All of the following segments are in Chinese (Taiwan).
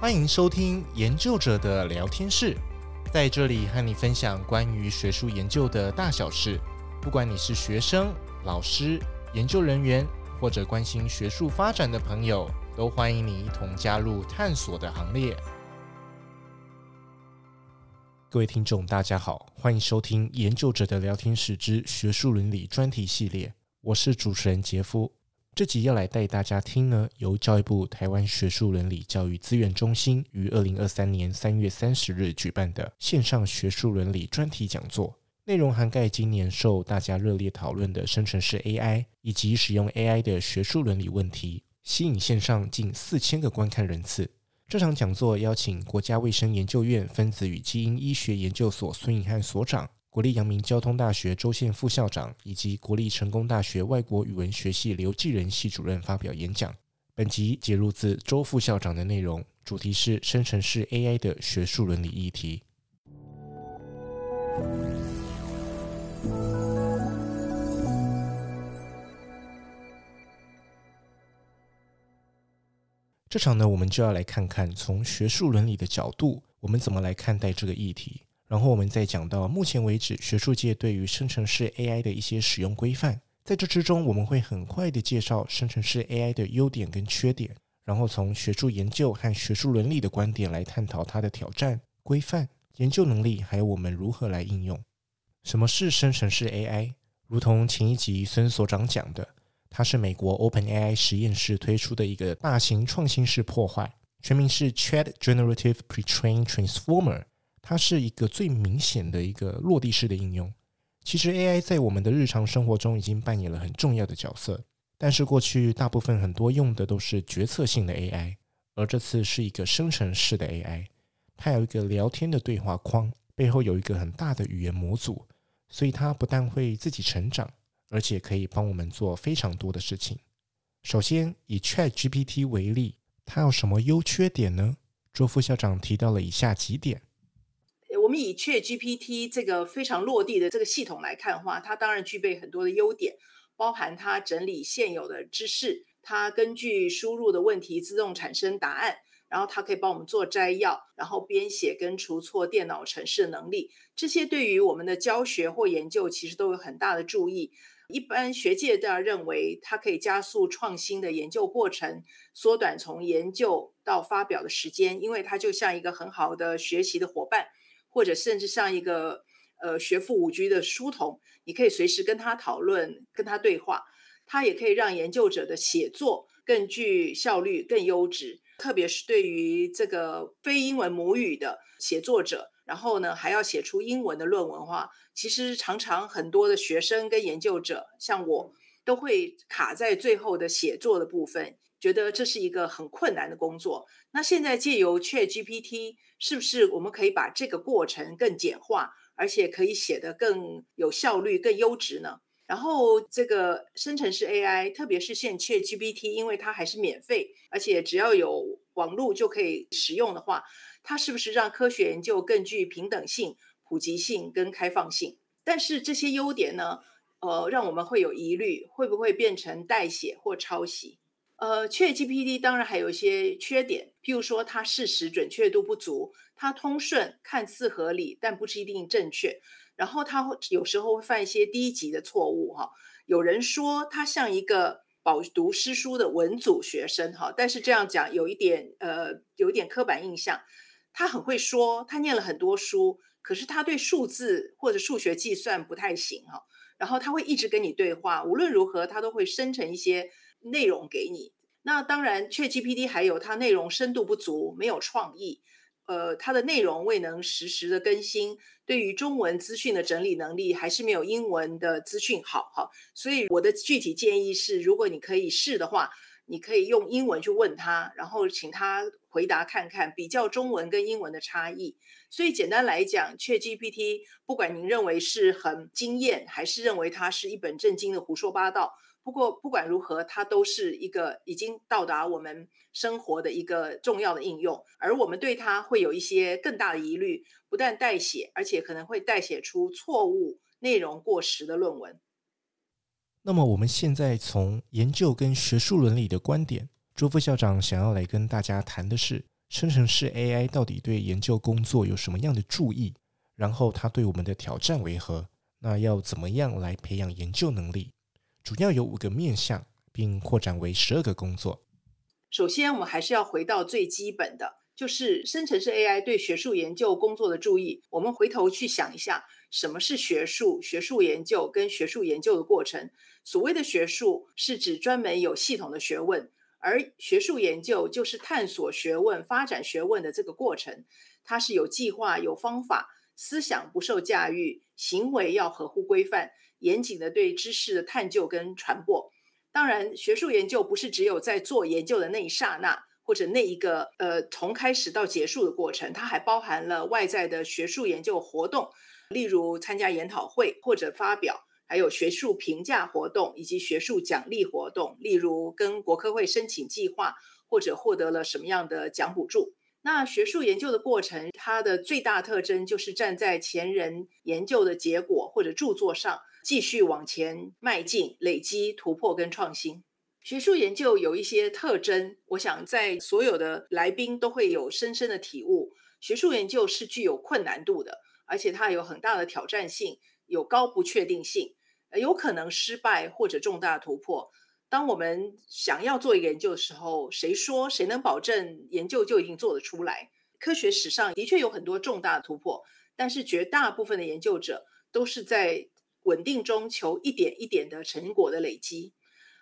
歡迎收聽研究者的聊天室，在這裡和你分享關於學術研究的大小事。不管你是學生、老師、研究人員，或者關心學術發展的朋友，都歡迎你一同加入探索的行列。各位聽眾，大家好，歡迎收聽《研究者的聊天室之學術倫理專題系列》，我是主持人杰夫。這集要來帶大家聽呢，由教育部台灣學術倫理教育資源中心於二零二三年三月三十日舉辦的線上學術倫理專題講座，內容涵蓋今年受大家熱烈討論的生成式 AI 以及使用 AI 的學術倫理問題，吸引線上近四千個觀看人次。這場講座邀請國家衛生研究院分子與基因醫學研究所孫穎瀚所長。國立陽明交通大學周倩副校長以及國立成功大學外國語文學系劉繼仁系主任發表演講。本集節錄自周副校長的內容，主題是生成式 AI 的學術倫理議題。這場呢，我們就要來看看，從學術倫理的角度，我們怎麼來看待這個議題。然後我們再講到目前為止，學術界對於生成式 AI 的一些使用規範。在這之中，我們會很快地介紹生成式 AI 的優點跟缺點，然後從學術研究和學術倫理的觀點來探討它的挑戰、規範、研究能力，還有我們如何來應用。什麼是生成式 AI？如同前一集孫所長講的，它是美國 OpenAI 實驗室推出的一個大型創新式破壞，全名是 Chat Generative Pretrained Transformer。Tra 它是一個最明顯的一個落地式的應用。其實 AI 在我們的日常生活中已經扮演了很重要的角色，但是過去大部分很多用的都是決策性的 AI，而這次是一個生成式的 AI。它有一個聊天的對話框，背後有一個很大的語言模組，所以它不但會自己成長，而且可以幫我們做非常多的事情。首先以 ChatGPT 為例，它有什麼優缺點呢？周副校長提到了以下幾點。我們以 ChatGPT 這個非常落地的這個系統來看的話，它當然具備很多的優點，包含它整理現有的知識，它根據輸入的問題自動產生答案，然後它可以幫我們做摘要，然後編寫跟除錯電腦程式的能力，這些對於我們的教學或研究其實都有很大的助益。一般學界都認為它可以加速創新的研究過程，縮短從研究到發表的時間，因為它就像一個很好的學習的夥伴。或者甚至像一個，呃，學富五車的書童，你可以隨時跟他討論，跟他對話。他也可以讓研究者的寫作更具效率、更優質。特別是對於這個非英文母語的寫作者，然後呢，還要寫出英文的論文話，其實常常很多的學生跟研究者，像我，都會卡在最後的寫作的部分。覺得這是一個很困難的工作。那現在借由 ChatGPT，是不是我們可以把這個過程更簡化，而且可以寫得更有效率、更優質呢？然後這個生成式 AI，特別是現在 ChatGPT，因為它還是免費，而且只要有網絡就可以使用的話，它是不是讓科學研究更具平等性、普及性跟開放性？但是這些優點呢，呃，讓我們會有疑慮，會不會變成代寫或抄襲？呃，ChatGPT 當然還有一些缺點，譬如說它事實準確度不足，它通順看似合理，但不是一定正確。然後它會有時候會犯一些低級的錯誤，哈、哦。有人說他像一個飽讀詩書的文組學生，哈、哦，但是這樣講有一點，呃，有一點刻板印象。他很會說，他念了很多書，可是他對數字或者數學計算不太行，哈、哦。然後他會一直跟你對話，無論如何，他都會生成一些。內容給你，那當然，ChatGPT 還有它內容深度不足，沒有創意，呃，它的內容未能實時的更新，對於中文資訊的整理能力還是沒有英文的資訊好，好，所以我的具體建議是，如果你可以試的話，你可以用英文去問他，然後請他回答看看，比較中文跟英文的差異。所以簡單來講，ChatGPT 不管您認為是很驚豔，還是認為它是一本正經的胡說八道。不過，不管如何，它都是一個已經到達我們生活的一個重要的應用，而我們對它會有一些更大的疑慮，不但代寫，而且可能會代寫出錯誤、內容過時的論文。那麼，我們現在從研究跟學術倫理的觀點，周副校長想要來跟大家談的是：生成式 AI 到底對研究工作有什麼樣的助益？然後，它對我們的挑戰為何？那要怎麼樣來培養研究能力？主要有五個面向，並擴展為十二個工作。首先，我們還是要回到最基本的，就是生成式 AI 對學術研究工作的助益。我們回頭去想一下，什麼是學術？學術研究跟學術研究的過程。所謂的學術，是指專門有系統的學問，而學術研究就是探索學問、發展學問的這個過程。它是有計劃、有方法，思想不受駕馭，行為要合乎規範。嚴謹的對知識的探究跟傳播，當然，學術研究不是只有在做研究的那一剎那或者那一個呃，從開始到結束的過程，它還包含了外在的學術研究活動，例如參加研討會或者發表，還有學術評價活動以及學術獎勵活動，例如跟國科會申請計劃或者獲得了什麼樣的獎補助。那學術研究的過程，它的最大特徵就是站在前人研究的結果或者著作上。繼續往前邁進，累積突破跟創新。學術研究有一些特徵，我想在所有的來賓都會有深深的體悟。學術研究是具有困難度的，而且它有很大的挑戰性，有高不確定性，有可能失敗或者重大突破。當我們想要做一個研究的時候，誰說誰能保證研究就一定做得出來？科學史上的確有很多重大的突破，但是絕大部分的研究者都是在穩定中求一點一點的成果的累積，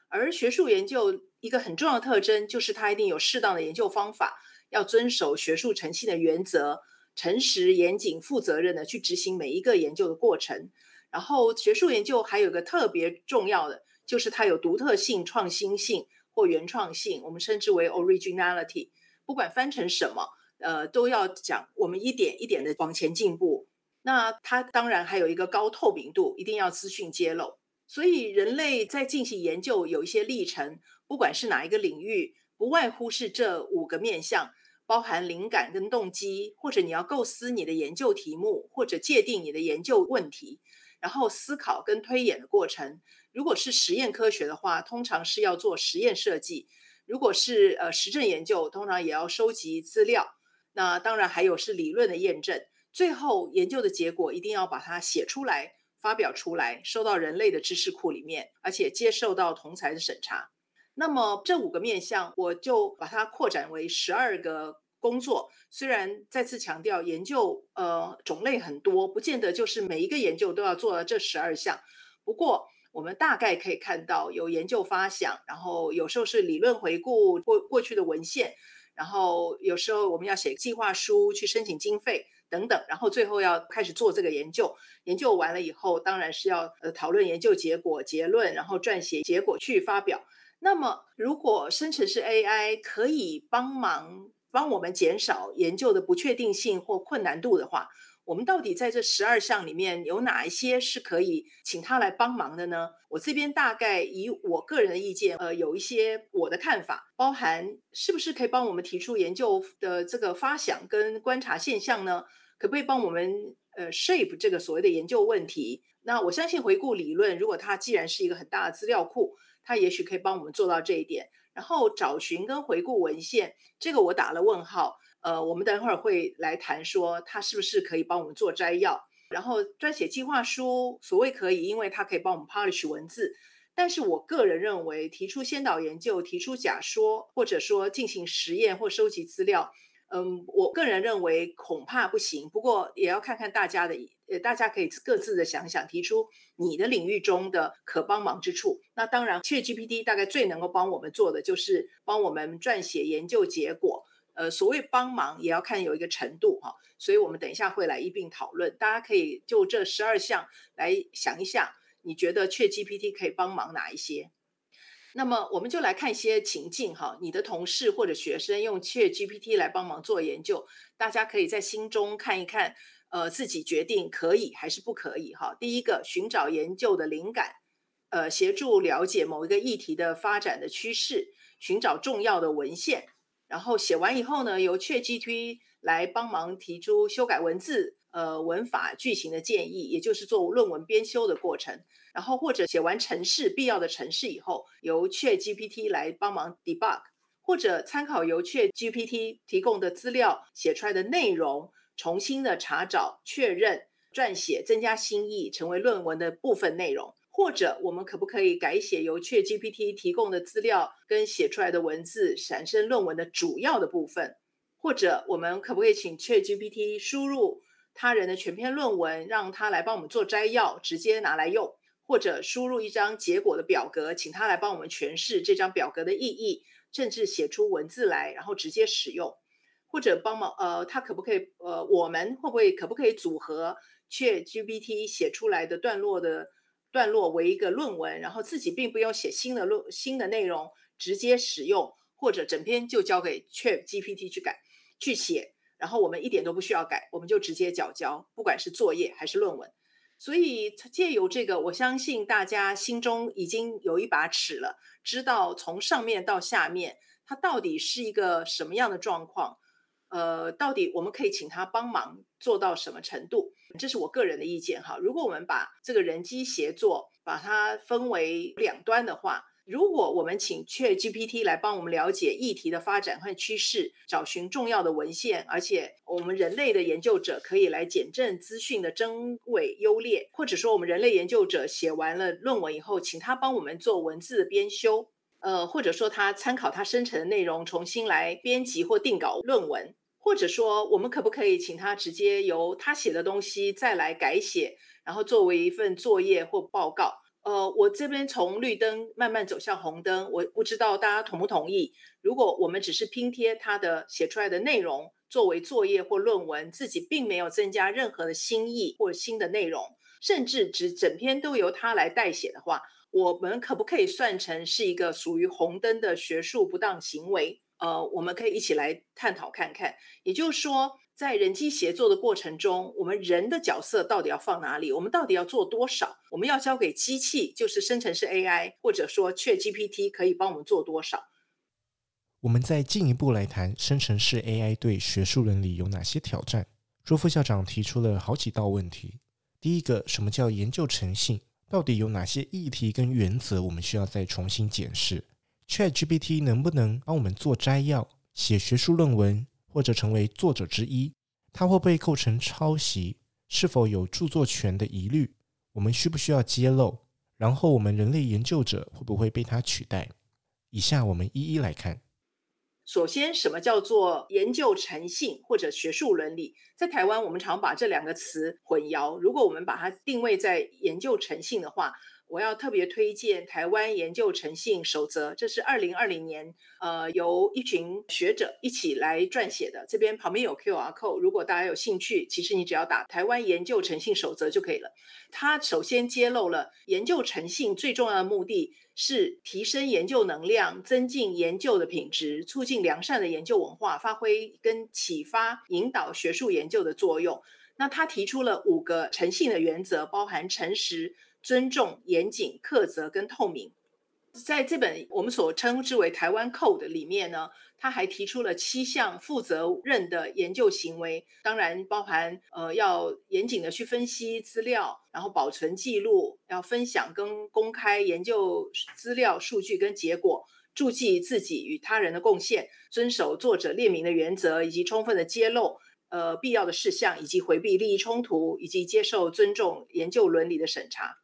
而學術研究一個很重要的特徵就是它一定有適當的研究方法，要遵守學術誠信的原則，誠實、嚴謹、負責任的去執行每一個研究的過程。然後，學術研究還有個特別重要的，就是它有獨特性、創新性或原創性，我們稱之為 originality，不管翻成什麼，呃，都要講我們一點一點的往前進步。那它當然還有一個高透明度，一定要資訊揭露。所以人類在進行研究，有一些歷程，不管是哪一個領域，不外乎是這五個面向，包含靈感跟動機，或者你要構思你的研究題目，或者界定你的研究問題，然後思考跟推演的過程。如果是實驗科學的話，通常是要做實驗設計；如果是呃實證研究，通常也要收集資料。那當然還有是理論的驗證。最後研究的結果一定要把它寫出來，發表出來，收到人類的知識庫裡面，而且接受到同儕的審查。那麼這五個面向，我就把它擴展為十二個工作。雖然再次強調，研究呃種類很多，不見得就是每一個研究都要做到這十二項。不過我們大概可以看到，有研究發想，然後有時候是理論回顧過過，過去的文獻，然後有時候我們要寫計劃書去申請經費。等等，然後最後要開始做這個研究，研究完了以後，當然是要呃討論研究結果、結論，然後撰寫結果去發表。那麼，如果生成式 AI 可以幫忙幫我們減少研究的不確定性或困難度的話，我們到底在這十二項裡面有哪一些是可以請他來幫忙的呢？我這邊大概以我個人的意見，呃，有一些我的看法，包含是不是可以幫我們提出研究的這個發想跟觀察現象呢？可不可以幫我們呃 shape 這個所謂的研究問題？那我相信回顧理論，如果它既然是一個很大的資料庫，它也許可以幫我們做到這一點。然後找尋跟回顧文獻，這個我打了問號。呃，我們等會兒會來談說，他是不是可以幫我們做摘要，然後撰寫計劃書。所謂可以，因為他可以幫我們 polish 文字。但是我個人認為，提出先導研究、提出假說，或者說進行實驗或收集資料，嗯、呃，我個人認為恐怕不行。不過也要看看大家的，呃，大家可以各自的想想，提出你的領域中的可幫忙之處。那當然，ChatGPT 大概最能夠幫我們做的，就是幫我們撰寫研究結果。呃，所謂幫忙也要看有一個程度哈、啊，所以我們等一下會來一併討論，大家可以就這十二項來想一想，你覺得 ChatGPT 可以幫忙哪一些？那麼我們就來看一些情境哈、啊，你的同事或者學生用 ChatGPT 來幫忙做研究，大家可以在心中看一看，呃，自己決定可以還是不可以哈、啊。第一個，尋找研究的靈感，呃，協助了解某一個議題的發展的趨勢，尋找重要的文獻。然後寫完以後呢，由 ChatGPT 來幫忙提出修改文字、呃文法句型的建議，也就是做論文編修的過程。然後或者寫完程式，必要的程式以後，由 ChatGPT 來幫忙 debug，或者參考由 ChatGPT 提供的資料寫出來的內容，重新的查找、確認、撰寫、增加新意，成為論文的部分內容。或者我們可不可以改寫由確 GPT 提供的資料跟寫出來的文字，產生論文的主要的部分？或者我們可不可以請確 GPT 輸入他人的全篇論文，讓他來幫我們做摘要，直接拿來用？或者輸入一張結果的表格，請他來幫我們詮釋這張表格的意義，甚至寫出文字來，然後直接使用？或者幫忙呃，他可不可以呃，我們會不會可不可以組合確 GPT 寫出來的段落的？段落為一個論文，然後自己並不要寫新的論新的內容，直接使用，或者整篇就交給 ChatGPT 去改去寫，然後我們一點都不需要改，我們就直接繳交，不管是作業還是論文。所以借由這個，我相信大家心中已經有一把尺了，知道從上面到下面它到底是一個什麼樣的狀況。呃，到底我們可以請他幫忙做到什麼程度？這是我個人的意見哈。如果我們把這個人機協作把它分為兩端的話，如果我們請 ChatGPT 來幫我們了解議題的發展和趨勢，找尋重要的文獻，而且我們人類的研究者可以來檢證資訊的真偽優劣，或者說我們人類研究者寫完了論文以後，請他幫我們做文字的編修，呃，或者說他參考他生成的內容重新來編輯或定稿論文。或者說，我們可不可以請他直接由他寫的東西再來改寫，然後作為一份作業或報告？呃，我這邊從綠燈慢慢走向紅燈，我不知道大家同不同意。如果我們只是拼貼他的寫出來的內容作為作業或論文，自己並沒有增加任何的新意或新的內容，甚至只整篇都由他來代寫的話，我們可不可以算成是一個屬於紅燈的學術不當行為？呃，我們可以一起來探討看看。也就是說，在人機協作的過程中，我們人的角色到底要放哪裡？我們到底要做多少？我們要交給機器，就是生成式 AI，或者說 ChatGPT，可以幫我們做多少？我們再進一步來談生成式 AI 對學術倫理有哪些挑戰？周副校長提出了好幾道問題。第一個，什麼叫研究誠信？到底有哪些議題跟原則，我們需要再重新檢視？ChatGPT 能不能幫我們做摘要、寫學術論文或者成為作者之一？它會不會構成抄襲？是否有著作權的疑慮？我們需不需要揭露？然後我們人類研究者會不會被它取代？以下我們一一來看。首先，什麼叫做研究誠信或者學術倫理？在台灣，我們常把這兩個詞混淆。如果我們把它定位在研究誠信的話，我要特別推薦《台灣研究誠信守則》，這是二零二零年，呃，由一群學者一起來撰寫的。這邊旁邊有 QR code，如果大家有興趣，其實你只要打“台灣研究誠信守則”就可以了。他首先揭露了研究誠信最重要的目的是提升研究能量、增進研究的品質、促進良善的研究文化、發揮跟啟發引導學術研究的作用。那他提出了五個誠信的原則，包含誠實。尊重、嚴謹、課責跟透明，在這本我們所稱之為台灣 Code 裡面呢，他還提出了七項負責任的研究行為，當然包含呃要嚴謹的去分析資料，然後保存記錄，要分享跟公開研究資料、數據跟結果，注記自己與他人的貢獻，遵守作者列名的原則，以及充分的揭露呃必要的事項，以及迴避利益衝突，以及接受尊重研究倫理的審查。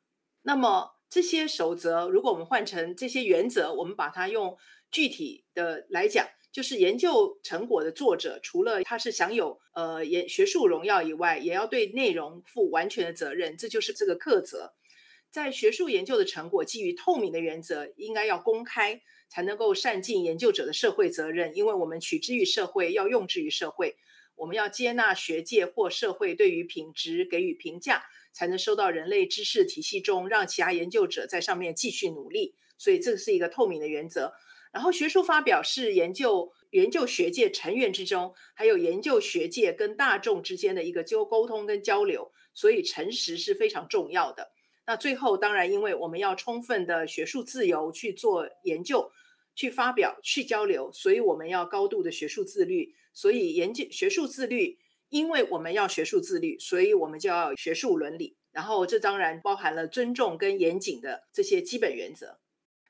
那麼這些守則，如果我們換成這些原則，我們把它用具體的來講，就是研究成果的作者，除了他是享有呃研學術榮耀以外，也要對內容負完全的責任，這就是這個課責。在學術研究的成果，基於透明的原則，應該要公開，才能夠善盡研究者的社會責任，因為我們取之於社會，要用之於社會，我們要接納學界或社會對於品質給予評價。才能收到人類知識體系中，讓其他研究者在上面繼續努力，所以這是一個透明的原則。然後，學術發表是研究研究學界成員之中，還有研究學界跟大眾之間的一個交溝通跟交流，所以誠實是非常重要的。那最後，當然因為我們要充分的學術自由去做研究、去發表、去交流，所以我們要高度的學術自律。所以，研究學術自律。因為我們要學術自律，所以我們就要學術倫理。然後，這當然包含了尊重跟嚴謹的這些基本原則。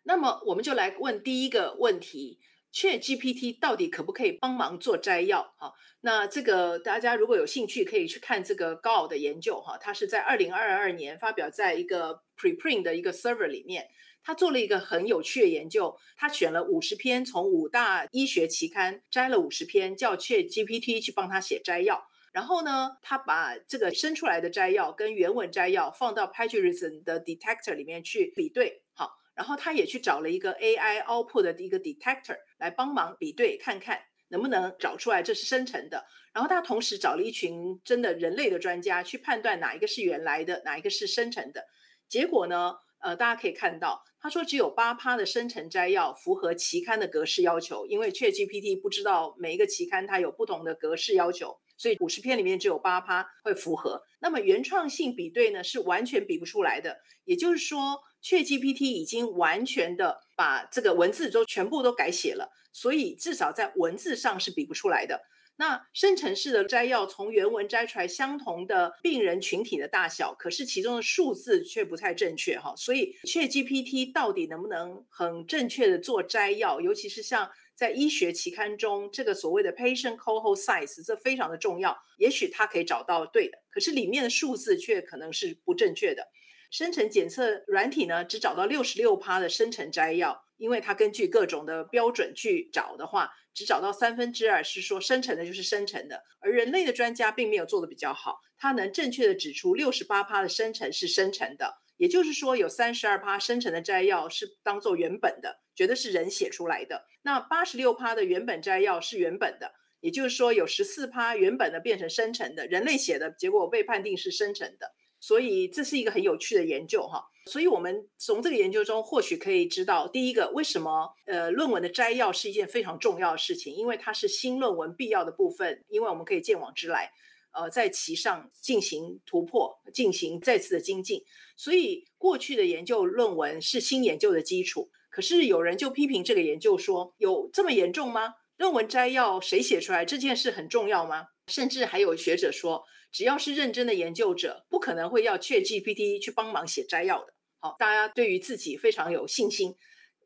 那麼，我們就來問第一個問題：ChatGPT 到底可不可以幫忙做摘要？哈，那這個大家如果有興趣，可以去看這個高傲的研究。哈，它是在二零二二年發表在一個 preprint 的一個 server 裡面，他做了一個很有趣的研究。他選了五十篇，從五大醫學期刊摘了五十篇，叫 ChatGPT 去幫他寫摘要。然後呢，他把這個生出來的摘要跟原文摘要放到 plagiarism 的 detector 裡面去比對，好，然後他也去找了一個 AI output 的一個 detector 來幫忙比對，看看能不能找出來這是生成的。然後他同時找了一群真的人類的專家去判斷哪一個是原來的，哪一個是生成的。結果呢，呃，大家可以看到，他說只有八趴的生成摘要符合期刊的格式要求，因為 ChatGPT 不知道每一個期刊它有不同的格式要求。所以五十篇裡面只有八趴會符合，那麼原創性比對呢，是完全比不出來的。也就是說，ChatGPT 已經完全的把這個文字都全部都改寫了，所以至少在文字上是比不出來的。那生成式的摘要從原文摘出來相同的病人群體的大小，可是其中的數字卻不太正確哈。所以 ChatGPT 到底能不能很正確的做摘要，尤其是像，在醫學期刊中，這個所謂的 patient cohort size 這非常的重要，也許他可以找到對的，可是裡面的數字卻可能是不正確的。生成檢測軟體呢，只找到六十六趴的生成摘要，因為它根據各種的標準去找的話，只找到三分之二是說生成的就是生成的，而人類的專家並沒有做得比較好，他能正確地指出六十八趴的生成是生成的。也就是說有32，有三十二趴生成的摘要是當做原本的，覺得是人寫出來的。那八十六趴的原本摘要是原本的，也就是說有14，有十四趴原本的變成生成的，人類寫的結果被判定是生成的。所以這是一個很有趣的研究哈。所以，我們從這個研究中或許可以知道，第一個為什麼呃論文的摘要是一件非常重要的事情，因為它是新論文必要的部分，因為我們可以鑑往知來，呃，在其上進行突破，進行再次的精進。所以，過去的研究論文是新研究的基礎。可是有人就批評這個研究說：“有這麼嚴重嗎？”論文摘要誰寫出來這件事很重要嗎？甚至還有學者說：“只要是認真的研究者，不可能會要 ChatGPT 去幫忙寫摘要的。”好，大家對於自己非常有信心。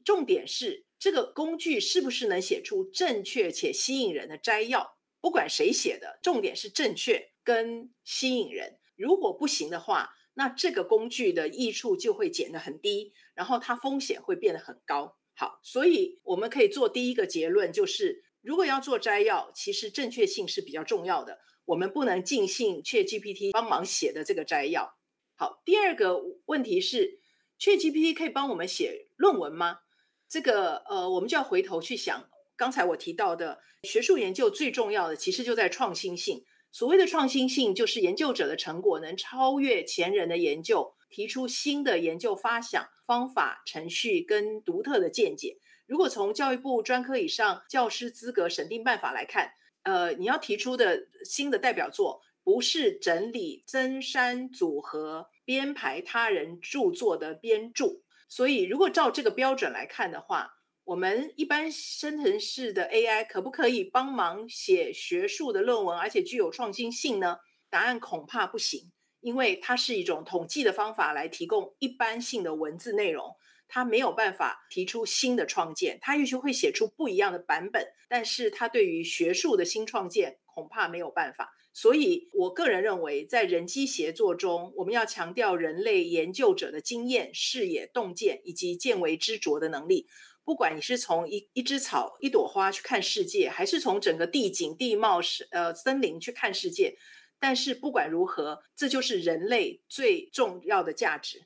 重點是這個工具是不是能寫出正確且吸引人的摘要？不管誰寫的，重點是正確跟吸引人。如果不行的話，那這個工具的益處就會減得很低，然後它風險會變得很高。好，所以我們可以做第一個結論，就是如果要做摘要，其實正確性是比較重要的，我們不能盡信 ChatGPT 幫忙寫的這個摘要。好，第二個問題是 ChatGPT 可以幫我們寫論文嗎？這個呃，我們就要回頭去想剛才我提到的學術研究最重要的其實就在創新性。所謂的創新性，就是研究者的成果能超越前人的研究，提出新的研究發想、方法、程序跟獨特的見解。如果從教育部專科以上教師資格審定辦法來看，呃，你要提出的新的代表作，不是整理、增刪、組合、編排他人著作的編著。所以，如果照這個標準來看的話，我們一般生成式的 AI 可不可以幫忙寫學術的論文，而且具有創新性呢？答案恐怕不行，因為它是一種統計的方法來提供一般性的文字內容，它沒有辦法提出新的創建，它也許會寫出不一樣的版本，但是它對於學術的新創建恐怕沒有辦法。所以我個人認為，在人機協作中，我們要強調人類研究者的經驗、視野、洞見以及見微知著的能力。不管你是從一一枝草、一朵花去看世界，還是從整個地景、地貌、森呃森林去看世界，但是不管如何，這就是人類最重要的價值。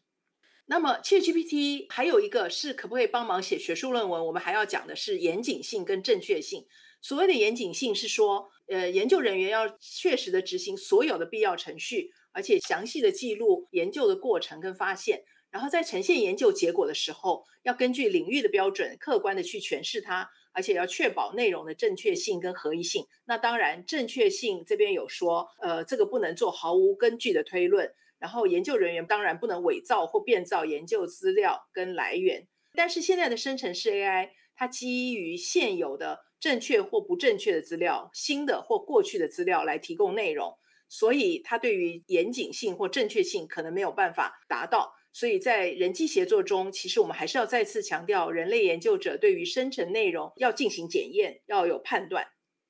那麼，ChatGPT 還有一個是可不可以幫忙寫學術論文？我們還要講的是嚴謹性跟正確性。所謂的嚴謹性是說，呃，研究人員要確實的執行所有的必要程序，而且詳細的記錄研究的過程跟發現。然後在呈現研究結果的時候，要根據領域的標準客觀的去詮釋它，而且要確保內容的正確性跟合宜性。那當然，正確性這邊有說，呃，這個不能做毫無根據的推論。然後研究人員當然不能偽造或變造研究資料跟來源。但是現在的生成式 AI，它基於現有的正確或不正確的資料、新的或過去的資料來提供內容，所以它對於嚴謹性或正確性可能沒有辦法達到。所以在人機協作中，其實我們還是要再次強調，人類研究者對於生成內容要進行檢驗，要有判斷。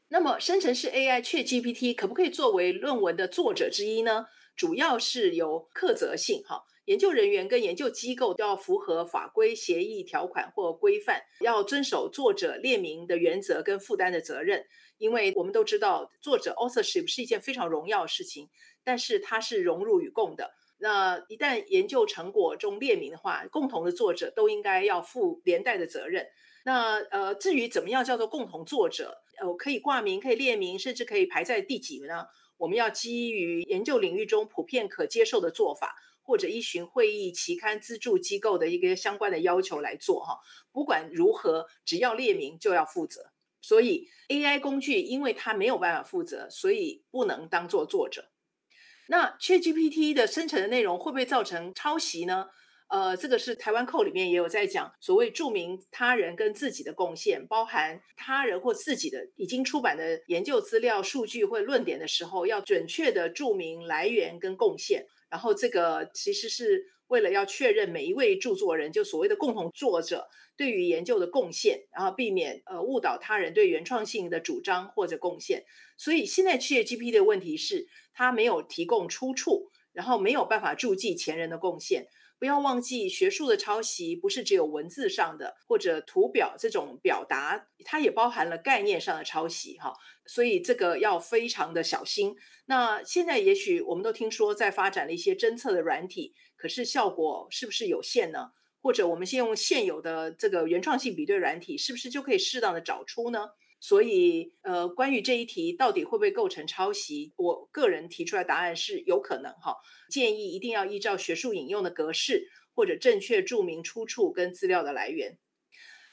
那麼，生成式 AI ChatGPT 可不可以作為論文的作者之一呢？主要是有課責性哈，研究人員跟研究機構都要符合法規、協議條款或規範，要遵守作者列明的原則跟負擔的責任。因為我們都知道，作者 authorship 是一件非常榮耀的事情，但是它是榮辱與共的。那一旦研究成果中列名的話，共同的作者都應該要負連帶的責任。那呃，至於怎麼樣叫做共同作者，呃，可以掛名，可以列名，甚至可以排在第幾呢？我們要基於研究領域中普遍可接受的做法，或者依循會議、期刊、資助機構的一個相關的要求來做哈、哦。不管如何，只要列名就要負責。所以 AI 工具因為它沒有辦法負責，所以不能當做作、作者。那 ChatGPT 的生成的內容會不會造成抄襲呢？呃，這個是台灣 Code 裡面也有在講，所謂注明他人跟自己的貢獻，包含他人或自己的已經出版的研究資料、數據或論點的時候，要準確的注明來源跟貢獻。然後這個其實是。為了要確認每一位著作人，就所謂的共同作者對於研究的貢獻，然後避免呃誤導他人對原創性的主張或者貢獻，所以現在企業 G P 的問題是它沒有提供出處，然後沒有辦法注記前人的貢獻。不要忘記學術的抄襲不是只有文字上的或者圖表這種表達，它也包含了概念上的抄襲哈。所以這個要非常的小心。那現在也許我們都聽說在發展了一些偵測的軟體。可是效果是不是有限呢？或者我們先用現有的這個原創性比對軟體，是不是就可以適當的找出呢？所以，呃，關於這一題到底會不會構成抄襲，我個人提出來的答案是有可能哈。建議一定要依照學術引用的格式，或者正確注明出處跟資料的來源。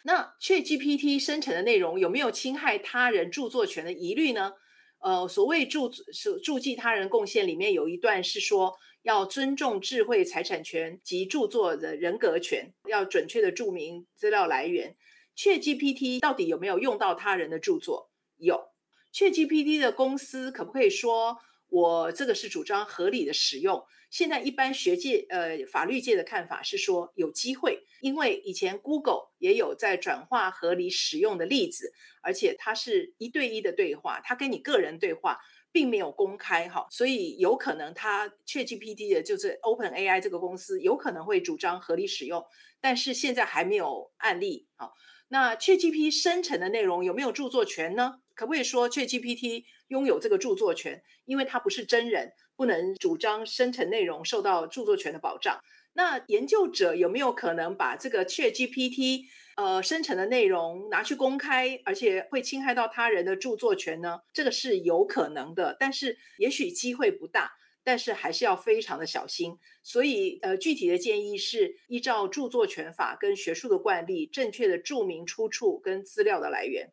那 ChatGPT 生成的內容有沒有侵害他人著作權的疑慮呢？呃，所謂註註記他人貢獻裡面有一段是說。要尊重智慧財產權及著作的人格權，要準確的註明資料來源。ChatGPT 到底有沒有用到他人的著作？有。ChatGPT 的公司可不可以說，我這個是主張合理的使用？現在一般學界、呃，法律界的看法是說有機會，因為以前 Google 也有在轉化合理使用的例子，而且它是一對一的對話，它跟你個人對話。並沒有公開哈，所以有可能它 ChatGPT 的就是 OpenAI 這個公司有可能會主張合理使用，但是現在還沒有案例。好，那 ChatGPT 生成的內容有沒有著作權呢？可不可以說 ChatGPT 擁有這個著作權？因為它不是真人，不能主張生成內容受到著作權的保障。那研究者有沒有可能把這個 ChatGPT 呃生成的內容拿去公開，而且會侵害到他人的著作權呢？這個是有可能的，但是也許機會不大，但是還是要非常的小心。所以呃，具體的建議是依照著作權法跟學術的慣例，正確的註明出處跟資料的來源。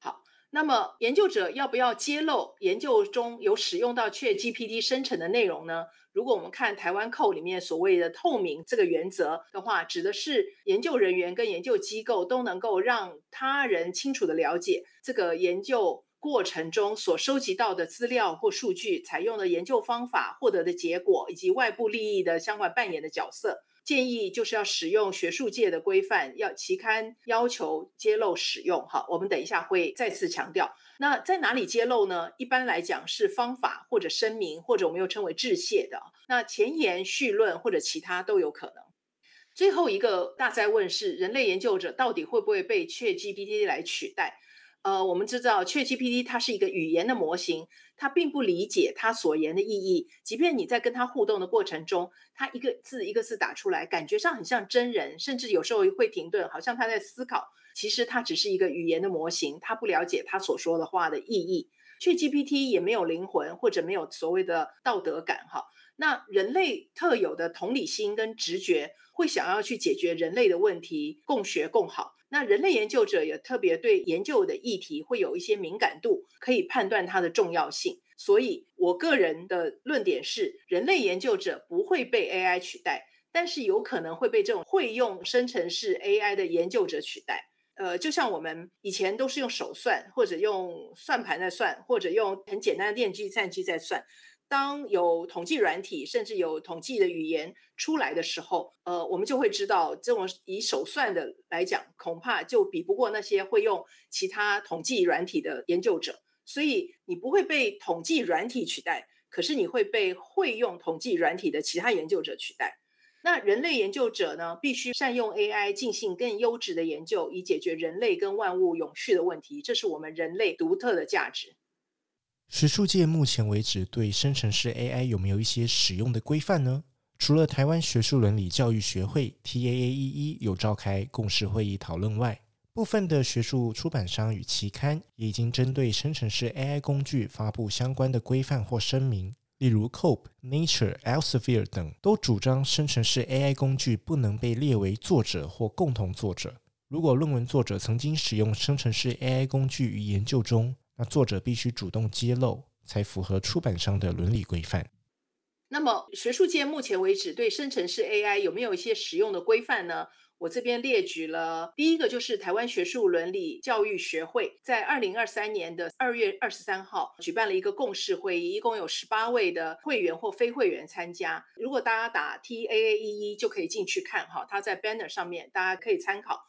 好。那麼，研究者要不要揭露研究中有使用到確 GPT 生成的內容呢？如果我們看台灣扣裡面所謂的透明這個原則的話，指的是研究人員跟研究機構都能夠讓他人清楚的了解這個研究過程中所收集到的資料或數據、採用的研究方法、獲得的結果以及外部利益的相關扮演的角色。建議就是要使用學術界的規範，要期刊要求揭露使用。哈，我們等一下會再次強調。那在哪裡揭露呢？一般來講是方法或者聲明，或者我們又稱為致謝的。那前言、緒論或者其他都有可能。最後一個大哉問是：人類研究者到底會不會被 ChatGPT 來取代？呃，我們知道 ChatGPT 它是一個語言的模型，它並不理解它所言的意義。即便你在跟它互動的過程中，它一個字一個字打出來，感覺上很像真人，甚至有時候會停頓，好像它在思考。其實它只是一個語言的模型，它不了解它所說的話的意義。ChatGPT 也沒有靈魂或者沒有所謂的道德感哈。那人類特有的同理心跟直覺，會想要去解決人類的問題，共學共好。那人類研究者也特別對研究的議題會有一些敏感度，可以判斷它的重要性。所以我個人的論點是，人類研究者不會被 AI 取代，但是有可能會被這種會用生成式 AI 的研究者取代。呃，就像我們以前都是用手算，或者用算盤在算，或者用很簡單的電計算機在算。當有統計軟體，甚至有統計的語言出來的時候，呃，我們就會知道，這種以手算的來講，恐怕就比不過那些會用其他統計軟體的研究者。所以你不會被統計軟體取代，可是你會被會用統計軟體的其他研究者取代。那人類研究者呢，必須善用 AI，進行更優質的研究，以解決人類跟萬物永續的問題。這是我們人類獨特的價值。學術界目前為止對生成式 AI 有沒有一些使用的規範呢？除了台灣學術倫理教育學會 （TAAEE） 有召開共識會議討論外，部分的學術出版商與期刊也已經針對生成式 AI 工具發布相關的規範或聲明。例如，COPE、Nature、Elsevier 等都主張生成式 AI 工具不能被列為作者或共同作者。如果論文作者曾經使用生成式 AI 工具於研究中，那作者必須主動揭露，才符合出版商的倫理規範。那麼，學術界目前為止對生成式 AI 有沒有一些使用的規範呢？我這邊列舉了第一個，就是台灣學術倫理教育學會在二零二三年的二月二十三號舉辦了一個共識會議，一共有十八位的會員或非會員參加。如果大家打 TAAEE 就可以進去看哈，它在 banner 上面，大家可以參考。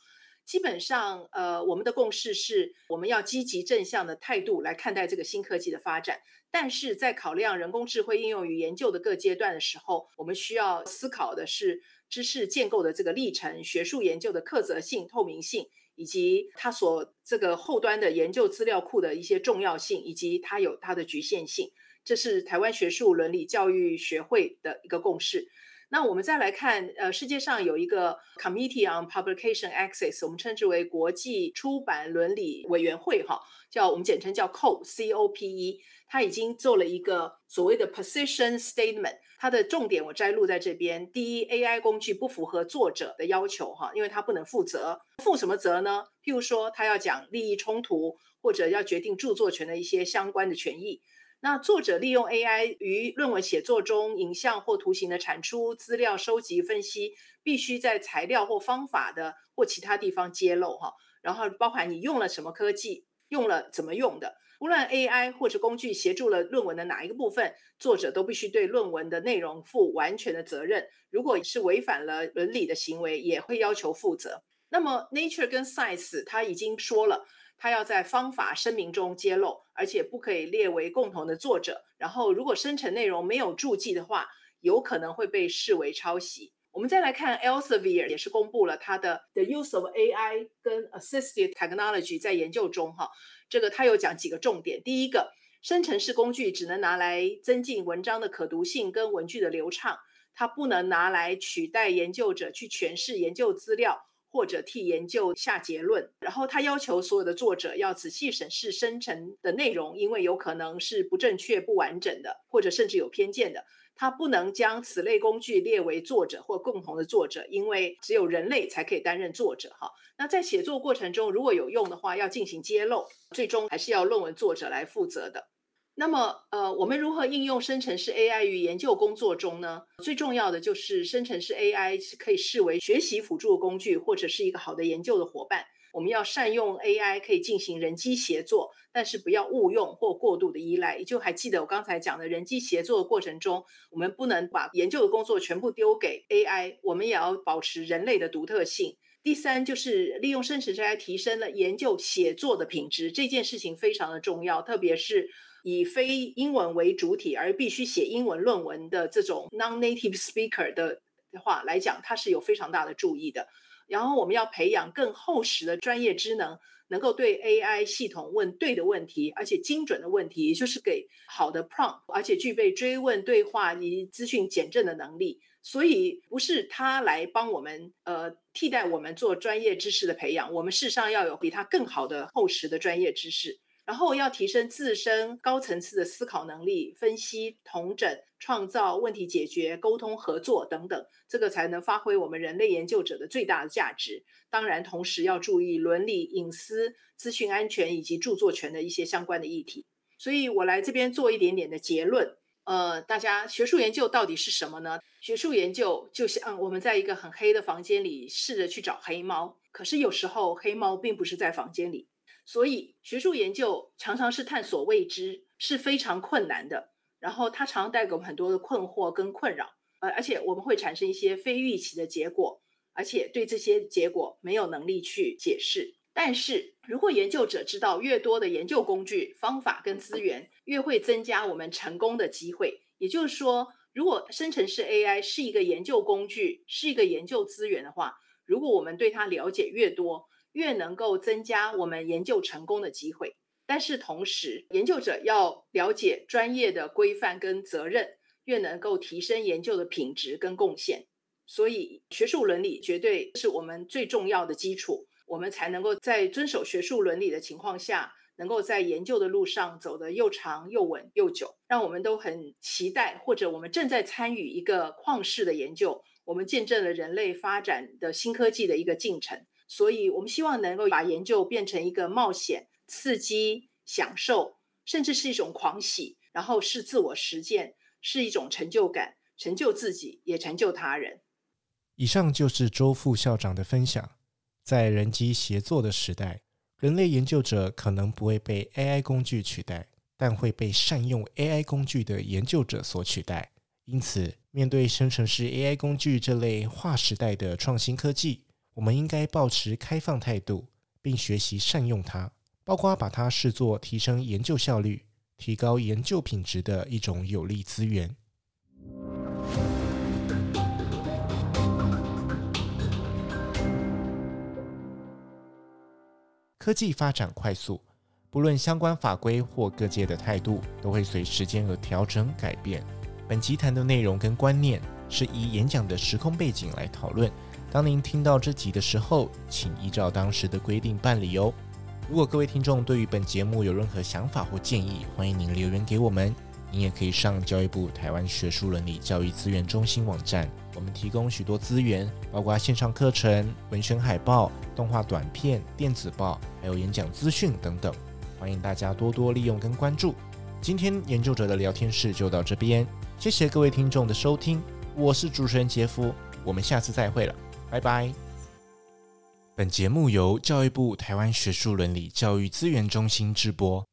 基本上，呃，我們的共識是，我們要積極正向的態度來看待這個新科技的發展。但是在考量人工智慧應用於研究的各階段的時候，我們需要思考的是知識建構的這個歷程、學術研究的課責性、透明性，以及它所這個後端的研究資料庫的一些重要性以及它有它的侷限性。這是台灣學術倫理教育學會的一個共識。那我們再來看，呃，世界上有一個 Committee on Publication Access，我們稱之為國際出版倫理委員會，哈，叫我們簡稱叫 COPE，COPE，它已經做了一個所謂的 Position Statement，它的重點我摘錄在這邊。第一，AI 工具不符合作者的要求，哈，因為它不能負責，負什麼責呢？譬如說，他要講利益衝突，或者要決定著作權的一些相關的權益。那作者利用 AI 於論文寫作中，影像或圖形的產出、資料收集、分析，必須在材料或方法的或其他地方揭露哈、啊。然後，包含你用了什麼科技，用了怎麼用的，無論 AI 或者工具協助了論文的哪一個部分，作者都必須對論文的內容負完全的責任。如果是違反了倫理的行為，也會要求負責。那麼，Nature 跟 Science 它已經說了。它要在方法聲明中揭露，而且不可以列為共同的作者。然後，如果生成內容沒有注記的話，有可能會被視為抄襲。我們再來看 Elsevier，也是公布了它的 The Use of AI 跟 Assisted Technology 在研究中哈。這個它有講幾個重點，第一個，生成式工具只能拿來增進文章的可讀性跟文句的流暢，它不能拿來取代研究者去詮釋研究資料。或者替研究下結論，然後他要求所有的作者要仔細審視生成的內容，因為有可能是不正確、不完整的，或者甚至有偏見的。他不能將此類工具列為作者或共同的作者，因為只有人類才可以擔任作者。哈，那在寫作過程中如果有用的話，要進行揭露，最終還是要論文作者來負責的。那麼，呃，我們如何應用生成式 AI 於研究工作中呢？最重要的就是生成式 AI 是可以視為學習輔助工具，或者是一個好的研究的伙伴。我們要善用 AI，可以進行人機協作，但是不要誤用或過度的依賴。也就還記得我剛才講的人機協作的過程中，我們不能把研究的工作全部丟給 AI，我們也要保持人類的獨特性。第三，就是利用生成式 AI 提升了研究寫作的品質，這件事情非常的重要，特別是，以非英文為主體而必須寫英文論文的這種 non-native speaker 的話來講，它是有非常大的助益的。然後我們要培養更厚實的專業知能，能夠對 AI 系統問對的問題，而且精準的問題，也就是給好的 prompt，而且具備追問對話以及資訊檢證的能力。所以不是它來幫我們呃替代我們做專業知識的培養，我們事實上要有比它更好的厚實的專業知識。然後要提升自身高層次的思考能力、分析、統整、創造、問題解決、溝通、合作等等，這個才能發揮我們人類研究者的最大的價值。當然，同時要注意倫理、隱私、資訊安全以及著作權的一些相關的議題。所以我來這邊做一點點的結論。呃，大家學術研究到底是什麼呢？學術研究就像我們在一個很黑的房間裡試着去找黑貓，可是有時候黑貓並不是在房間裡。所以，學術研究常常是探索未知，是非常困難的。然後，它常帶給我們很多的困惑跟困擾，呃，而且我們會產生一些非預期的結果，而且對這些結果沒有能力去解釋。但是如果研究者知道越多的研究工具、方法跟資源，越會增加我們成功的機會。也就是說，如果生成式 AI 是一個研究工具，是一個研究資源的話，如果我們對它了解越多，越能夠增加我們研究成功的機會，但是同時，研究者要了解專業的規範跟責任，越能夠提升研究的品質跟貢獻。所以，學術倫理絕對是我們最重要的基礎，我們才能夠在遵守學術倫理的情況下，能夠在研究的路上走得又長又穩又久。讓我們都很期待，或者我們正在參與一個曠世的研究，我們見證了人類發展的新科技的一個進程。所以，我們希望能夠把研究變成一個冒險、刺激、享受，甚至是一種狂喜，然後是自我實踐，是一種成就感，成就自己，也成就他人。以上就是周副校長的分享。在人機協作的時代，人類研究者可能不會被 AI 工具取代，但會被善用 AI 工具的研究者所取代。因此，面對生成式 AI 工具這類劃時代的創新科技，我們應該保持開放態度，並學習善用它，包括把它視作提升研究效率、提高研究品質的一種有力資源。科技發展快速，不論相關法規或各界的態度，都會隨時間而調整改變。本集談的內容跟觀念，是以演講的時空背景來討論。當您聽到這集的時候，請依照當時的規定辦理哦。如果各位聽眾對於本節目有任何想法或建議，歡迎您留言給我們。您也可以上教育部台灣學術倫理教育資源中心網站，我們提供許多資源，包括線上課程、文宣海報、動畫短片、電子報，還有演講資訊等等，歡迎大家多多利用跟關注。今天研究者的聊天室就到這邊，謝謝各位聽眾的收聽，我是主持人杰夫，我們下次再會了。拜拜。本節目由教育部台灣學術倫理教育資源中心製播。